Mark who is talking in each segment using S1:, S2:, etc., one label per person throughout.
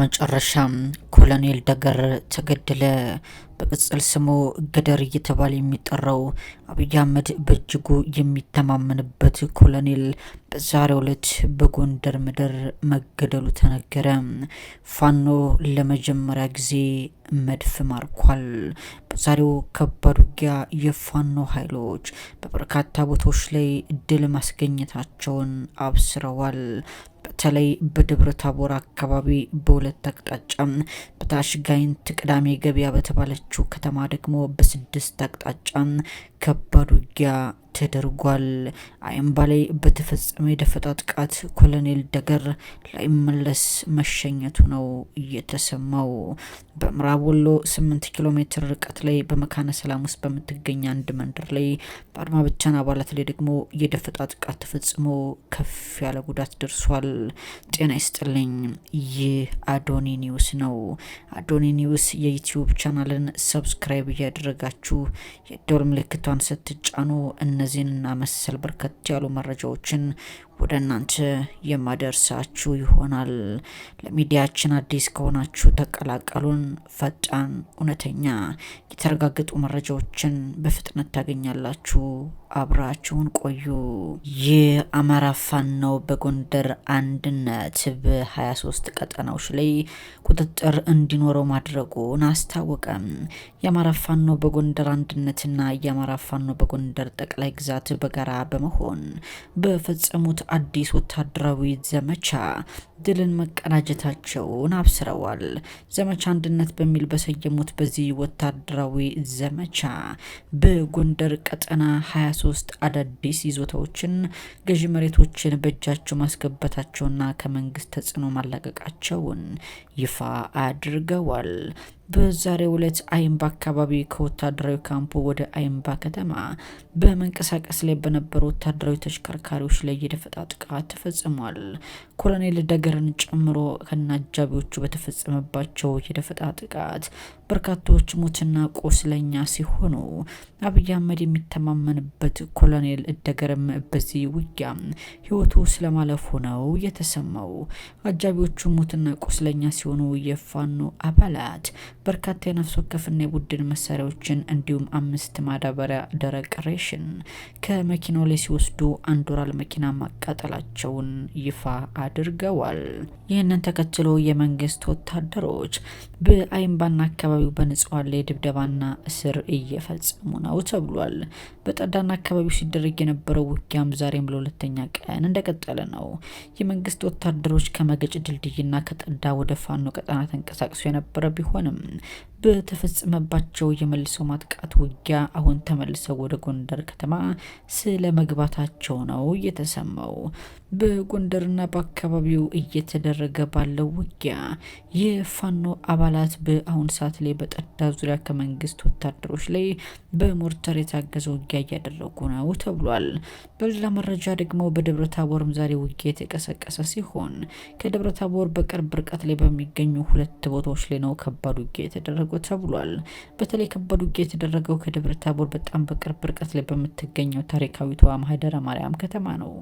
S1: በመጨረሻም ኮሎኔል ደገር ተገደለ። በቅጽል ስሙ ገደር እየተባለ የሚጠራው አብይ አህመድ በእጅጉ የሚተማመንበት ኮሎኔል በዛሬው ዕለት በጎንደር ምድር መገደሉ ተነገረ። ፋኖ ለመጀመሪያ ጊዜ መድፍ ማርኳል። በዛሬው ከባድ ውጊያ የፋኖ ኃይሎች በበርካታ ቦታዎች ላይ ድል ማስገኘታቸውን አብስረዋል። በተለይ በደብረ ታቦር አካባቢ በሁለት አቅጣጫ፣ በታች ጋይንት ቅዳሜ ገበያ በተባለችው ከተማ ደግሞ በስድስት አቅጣጫ ከባድ ውጊያ ተደርጓል። አይምባ ላይ በተፈጸመ የደፈጣ ጥቃት ኮሎኔል ደገር ላይመለስ መሸኘቱ ነው እየተሰማው። በምዕራብ ወሎ ስምንት ኪሎ ሜትር ርቀት ላይ በመካነ ሰላም ውስጥ በምትገኝ አንድ መንደር ላይ በአድማ ብቻን አባላት ላይ ደግሞ የደፈጣ ጥቃት ተፈጽሞ ከፍ ያለ ጉዳት ደርሷል። ጤና ይስጥልኝ። ይህ አዶኒ ኒውስ ነው። አዶኒ ኒውስ የዩትዩብ ቻናልን ሰብስክራይብ እያደረጋችሁ የደወል ምልክቷን ስትጫኑ እነ እነዚህንና መሰል በርከት ያሉ መረጃዎችን ወደ እናንተ የማደርሳችሁ ይሆናል። ለሚዲያችን አዲስ ከሆናችሁ ተቀላቀሉን። ፈጣን፣ እውነተኛ፣ የተረጋገጡ መረጃዎችን በፍጥነት ታገኛላችሁ። አብራችሁን ቆዩ። የአማራ ፋኖ በጎንደር አንድነት በ23 ቀጠናዎች ላይ ቁጥጥር እንዲኖረው ማድረጉን አስታወቀ። የአማራ ፋኖ በጎንደር አንድነትና የአማራ ፋኖ በጎንደር ጠቅላይ ግዛት በጋራ በመሆን በፈጸሙት አዲስ ወታደራዊ ዘመቻ ድልን መቀዳጀታቸውን አብስረዋል። ዘመቻ አንድነት በሚል በሰየሙት በዚህ ወታደራዊ ዘመቻ በጎንደር ቀጠና 23 አዳዲስ ይዞታዎችን፣ ገዢ መሬቶችን በእጃቸው ማስገባታቸውና ከመንግስት ተጽዕኖ ማላቀቃቸውን ይፋ አድርገዋል። በዛሬው ዕለት አይምባ አካባቢ ከወታደራዊ ካምፑ ወደ አይምባ ከተማ በመንቀሳቀስ ላይ በነበሩ ወታደራዊ ተሽከርካሪዎች ላይ የደፈጣ ጥቃት ተፈጽሟል። ኮሎኔል ደገርን ጨምሮ ከነ አጃቢዎቹ በተፈጸመባቸው የደፈጣ ጥቃት በርካታዎች ሞትና ቆስለኛ ሲሆኑ አብይ አህመድ የሚተማመንበት ኮሎኔል እደገረም በዚህ ውጊያ ህይወቱ ስለማለፉ ነው የተሰማው። አጃቢዎቹ ሞትና ቆስለኛ ሲሆኑ የፋኖ አባላት በርካታ የነፍስ ወከፍና የቡድን መሳሪያዎችን እንዲሁም አምስት ማዳበሪያ ደረቅ ሬሽን ከመኪናው ላይ ሲወስዱ አንድ ወራል መኪና ማቃጠላቸውን ይፋ አድርገዋል። ይህንን ተከትሎ የመንግስት ወታደሮች በአይምባና አካባቢ በአካባቢው በንጹሃን ላይ ድብደባና እስር እየፈጸሙ ነው ተብሏል። በጠዳና አካባቢው ሲደረግ የነበረው ውጊያም ዛሬም ለሁለተኛ ቀን እንደቀጠለ ነው። የመንግስት ወታደሮች ከመገጭ ድልድይና ከጠዳ ወደ ፋኖ ቀጠና ተንቀሳቅሶ የነበረ ቢሆንም በተፈጸመባቸው የመልሶ ማጥቃት ውጊያ አሁን ተመልሰው ወደ ጎንደር ከተማ ስለ መግባታቸው ነው እየተሰማው። በጎንደርና በአካባቢው እየተደረገ ባለው ውጊያ የፋኖ አባላት በአሁን ሰዓት ላይ በጠዳ ዙሪያ ከመንግስት ወታደሮች ላይ በሞርተር የታገዘ ውጊያ እያደረጉ ነው ተብሏል። በሌላ መረጃ ደግሞ በደብረ ታቦርም ዛሬ ውጊያ የተቀሰቀሰ ሲሆን ከደብረ ታቦር በቅርብ ርቀት ላይ በሚገኙ ሁለት ቦታዎች ላይ ነው ከባድ ውጊያ የተደረገው ተብሏል። በተለይ ከባድ ውጊያ የተደረገው ከደብረ ታቦር በጣም በቅርብ ርቀት ላይ በምትገኘው ታሪካዊቷ ማህደረ ማርያም ከተማ ነው።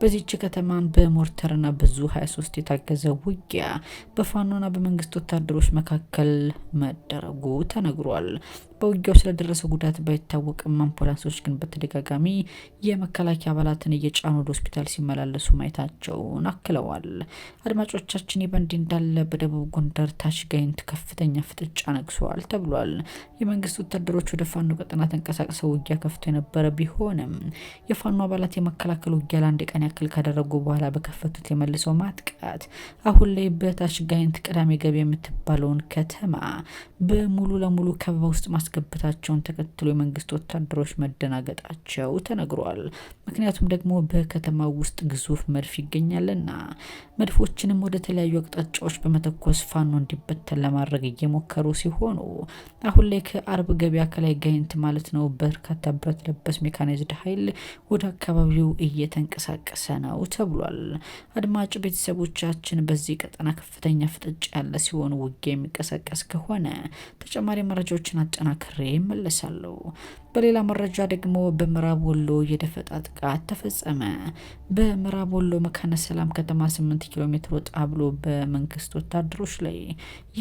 S1: በዚች ከተማን በሞርተርና ብዙ 23 የታገዘ ውጊያ በፋኖና በመንግስት ወታደሮች መካከል መደረጉ ተነግሯል። በውጊያው ስለደረሰው ጉዳት ባይታወቅም አምቡላንሶች ግን በተደጋጋሚ የመከላከያ አባላትን እየጫኑ ወደ ሆስፒታል ሲመላለሱ ማየታቸውን አክለዋል። አድማጮቻችን በእንዲህ እንዳለ በደቡብ ጎንደር ታች ጋይንት ከፍተኛ ፍጥጫ ነግሷል ተብሏል። የመንግስት ወታደሮች ወደ ፋኖ ቀጠና ተንቀሳቅሰው ውጊያ ከፍቶ የነበረ ቢሆንም የፋኖ አባላት የመከላከል ውጊያ ለአንድ ቀን ያክል ካደረጉ በኋላ በከፈቱት የመልሰው ማጥቃት አሁን ላይ በታች ጋይንት ቅዳሜ ገበያ የምትባለውን ከተማ በሙሉ ለሙሉ ከበባ ውስጥ ማስ ማስገባታቸውን ተከትሎ የመንግስት ወታደሮች መደናገጣቸው ተነግሯል። ምክንያቱም ደግሞ በከተማው ውስጥ ግዙፍ መድፍ ይገኛልና መድፎችንም ወደ ተለያዩ አቅጣጫዎች በመተኮስ ፋኖ እንዲበተን ለማድረግ እየሞከሩ ሲሆኑ አሁን ላይ ከአርብ ገበያ ከላይ ጋይንት ማለት ነው በርካታ ብረት ለበስ ሜካናይዝድ ኃይል ወደ አካባቢው እየተንቀሳቀሰ ነው ተብሏል። አድማጭ ቤተሰቦቻችን በዚህ ቀጠና ከፍተኛ ፍጥጫ ያለ ሲሆን ውጊያ የሚቀሳቀስ ከሆነ ተጨማሪ መረጃዎችን አጨናቅ አጠናክሬ እመለሳለሁ። በሌላ መረጃ ደግሞ በምዕራብ ወሎ የደፈጣ ጥቃት ተፈጸመ። በምዕራብ ወሎ መካነ ሰላም ከተማ 8 ኪሎ ሜትር ወጣ ብሎ በመንግስት ወታደሮች ላይ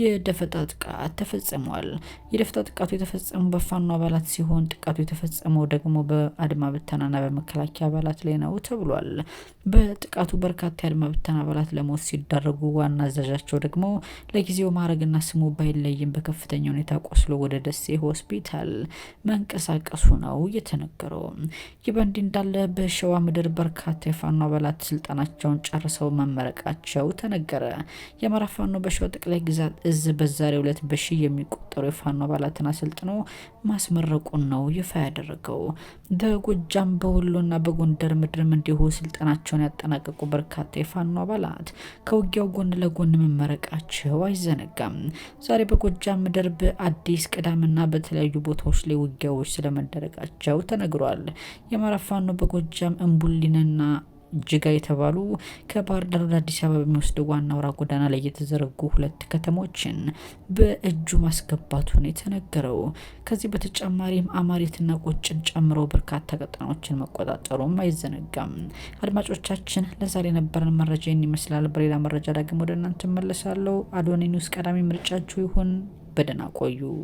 S1: የደፈጣ ጥቃት ተፈጽሟል። የደፈጣ ጥቃቱ የተፈጸመው በፋኖ አባላት ሲሆን ጥቃቱ የተፈጸመው ደግሞ በአድማ ብተናና በመከላከያ አባላት ላይ ነው ተብሏል። በጥቃቱ በርካታ የአድማ ብተና አባላት ለሞት ሲዳረጉ ዋና አዛዣቸው ደግሞ ለጊዜው ማዕረግና ስሙ ባይለይም በከፍተኛ ሁኔታ ቆስሎ ወደ ደሴ ሆስፒታል መንቀሳቀሱ ነው የተነገረው። ይህ በእንዲህ እንዳለ በሸዋ ምድር በርካታ የፋኖ አባላት ስልጠናቸውን ጨርሰው መመረቃቸው ተነገረ። የአማራ ፋኖ በሸዋ ጠቅላይ ግዛት እዝ በዛሬው ዕለት በሺ የሚቆጠሩ የፋኖ አባላትን አሰልጥኖ ማስመረቁን ነው ይፋ ያደረገው። በጎጃም በወሎና በጎንደር ምድርም እንዲሁ ስልጠናቸውን ያጠናቀቁ በርካታ የፋኖ አባላት ከውጊያው ጎን ለጎን መመረቃቸው አይዘነጋም። ዛሬ በጎጃም ምድር በአዲስ ቅዳምና በተለያዩ ቦታዎች ላይ ውጊያዎች ስለመደረጋቸው ተነግሯል። የአማራ ፋኖ በጎጃም እምቡሊንና ጅጋ የተባሉ ከባህር ዳር ወደ አዲስ አበባ በሚወስደው ዋና አውራ ጎዳና ላይ የተዘረጉ ሁለት ከተሞችን በእጁ ማስገባቱ ነው የተነገረው። ከዚህ በተጨማሪም አማሬትና ቆጭን ጨምሮ በርካታ ቀጠናዎችን መቆጣጠሩም አይዘነጋም። አድማጮቻችን ለዛሬ የነበረን መረጃ ይህን ይመስላል። በሌላ መረጃ ዳግም ወደ እናንተ እመለሳለሁ። አዶኒ ኒውስ ቀዳሚ ምርጫችሁ ይሁን። በደህና ቆዩ።